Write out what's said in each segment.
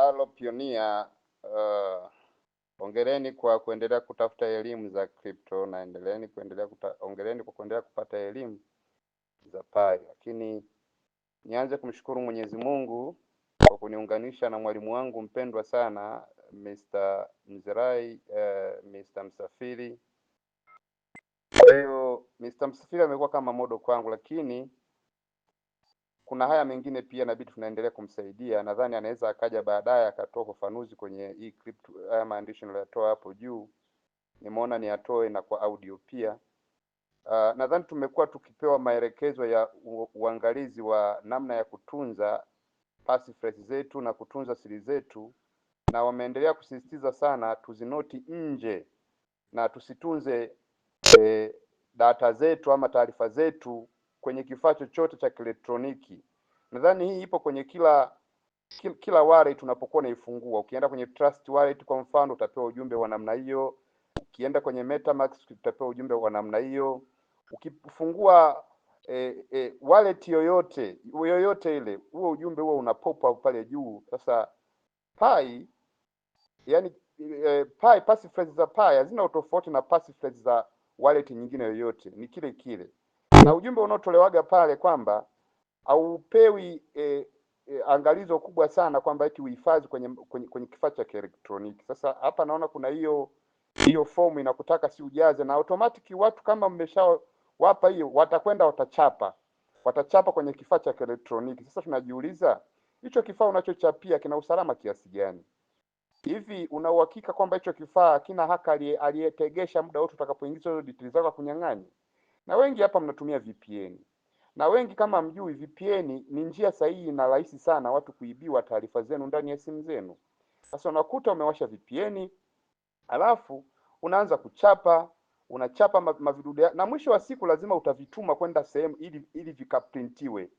Halo pionia uh, ongereni kwa kuendelea kutafuta elimu za crypto na endeleeni kuendelea kuta, ongereni kwa kuendelea kupata elimu za pai, lakini nianze kumshukuru Mwenyezi Mungu kwa kuniunganisha na mwalimu wangu mpendwa sana Mr. Mzirai, uh, Mr. Msafiri. Kwa hiyo Mr. Msafiri amekuwa kama modo kwangu, lakini kuna haya mengine pia nabidi tunaendelea kumsaidia. Nadhani anaweza akaja baadaye akatoa ufafanuzi kwenye hii crypto, haya maandishi niliyotoa hapo juu, nimeona ni atoe na kwa audio pia. Uh, nadhani tumekuwa tukipewa maelekezo ya uangalizi wa namna ya kutunza passphrase zetu na kutunza siri zetu, na wameendelea kusisitiza sana tuzinoti nje na tusitunze eh, data zetu ama taarifa zetu kwenye kifaa chochote cha kielektroniki. Nadhani hii ipo kwenye kila kila, kila wallet tunapokuwa unaifungua. Ukienda kwenye Trust Wallet kwa mfano, utapewa ujumbe wa namna hiyo. Ukienda kwenye MetaMask utapewa ujumbe wa namna hiyo. Ukifungua eh, eh, wallet yoyote yoyote ile, huo ujumbe huo una pop up pale juu. Sasa Pi yani e, Pi passphrase za Pi hazina utofauti na passphrase za wallet nyingine yoyote, ni kile kile na ujumbe unaotolewaga pale kwamba haupewi e, e, angalizo kubwa sana kwamba eti uhifadhi kwenye, kwenye, kwenye kifaa cha kielektroniki. Sasa hapa naona kuna hiyo hiyo fomu inakutaka si ujaze, na automatiki watu kama mmeshawapa hiyo watakwenda watachapa, watachapa kwenye kifaa cha kielektroniki. Sasa tunajiuliza hicho kifaa unachochapia kina usalama kiasi gani? Hivi una uhakika kwamba hicho kifaa kina haka aliyetegesha muda wote utakapoingiza hizo details zako kunyang'anya? na wengi hapa mnatumia VPN na wengi kama mjui, VPN ni njia sahihi na rahisi sana watu kuibiwa taarifa zenu ndani ya simu zenu. Sasa unakuta umewasha VPN alafu unaanza kuchapa unachapa mavidude na mwisho wa siku lazima utavituma kwenda sehemu ili ili vikaprintiwe.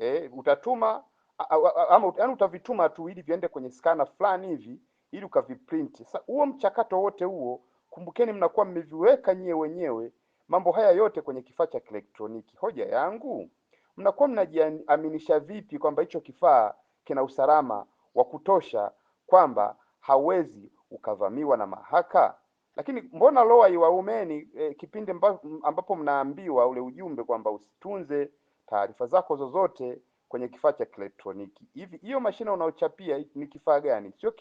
E, utatuma ama yaani utavituma tu ili viende kwenye scanner fulani hivi ili ukaviprint. Sasa huo mchakato wote huo, kumbukeni, mnakuwa mmeviweka nyewe wenyewe mambo haya yote kwenye kifaa cha kielektroniki. Hoja yangu, mnakuwa mnajiaminisha vipi kwamba hicho kifaa kina usalama wa kutosha kwamba hawezi ukavamiwa na mahaka? Lakini mbona loa iwaumeni e, kipindi mba, ambapo mnaambiwa ule ujumbe kwamba usitunze taarifa zako zozote kwenye kifaa cha kielektroniki. Hivi hiyo mashine unaochapia ni kifaa gani? Sio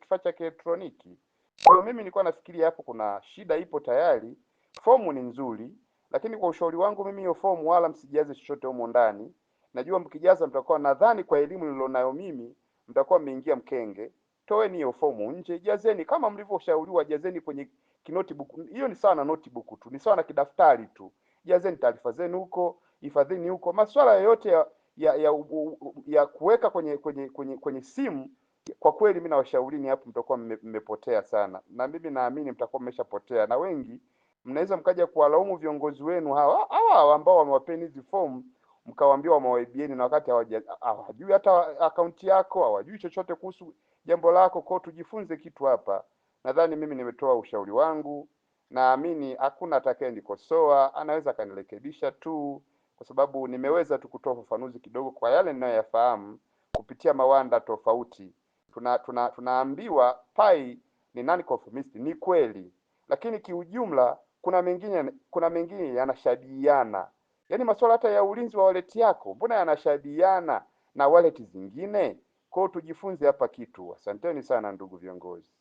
kifaa cha kielektroniki. Kwa hiyo mimi nilikuwa nafikiria hapo kuna shida ipo tayari. Fomu ni nzuri, lakini kwa ushauri wangu mimi hiyo fomu wala msijaze chochote humo ndani. Najua mkijaza mtakuwa, nadhani kwa elimu nilionayo mimi, mtakuwa mmeingia mkenge. Toeni hiyo fomu nje, jazeni kama mlivyoshauriwa, jazeni kwenye kinotibuku. Hiyo ni sawa na notebook tu, ni sawa na kidaftari tu. Jazeni taarifa zenu huko, hifadhini huko. Masuala yoyote ya ya, ya, ya kuweka kwenye kwenye kwenye kwenye simu kwa kweli mi nawashaurini hapo, mtakuwa mmepotea sana, na mimi naamini mtakuwa mmeshapotea na wengi mnaweza mkaja kuwalaumu viongozi wenu hawa hawa ambao wamewapeni hizi fomu, mkawaambia wamewaibieni, na wakati hawajui hata akaunti yako, hawajui chochote kuhusu jambo lako. Kwao tujifunze kitu hapa. Nadhani mimi nimetoa ushauri wangu, naamini hakuna atakayenikosoa, anaweza akanirekebisha tu, kwa sababu nimeweza tu kutoa ufafanuzi kidogo kwa yale ninayoyafahamu kupitia mawanda tofauti. Tuna, tuna, tunaambiwa pai ni nani ni kweli, lakini kiujumla kuna mengine kuna mengine yanashabihiana, yaani masuala hata ya ulinzi wa wallet yako mbona yanashabihiana na wallet zingine? Kwao tujifunze hapa kitu. Asanteni sana ndugu viongozi.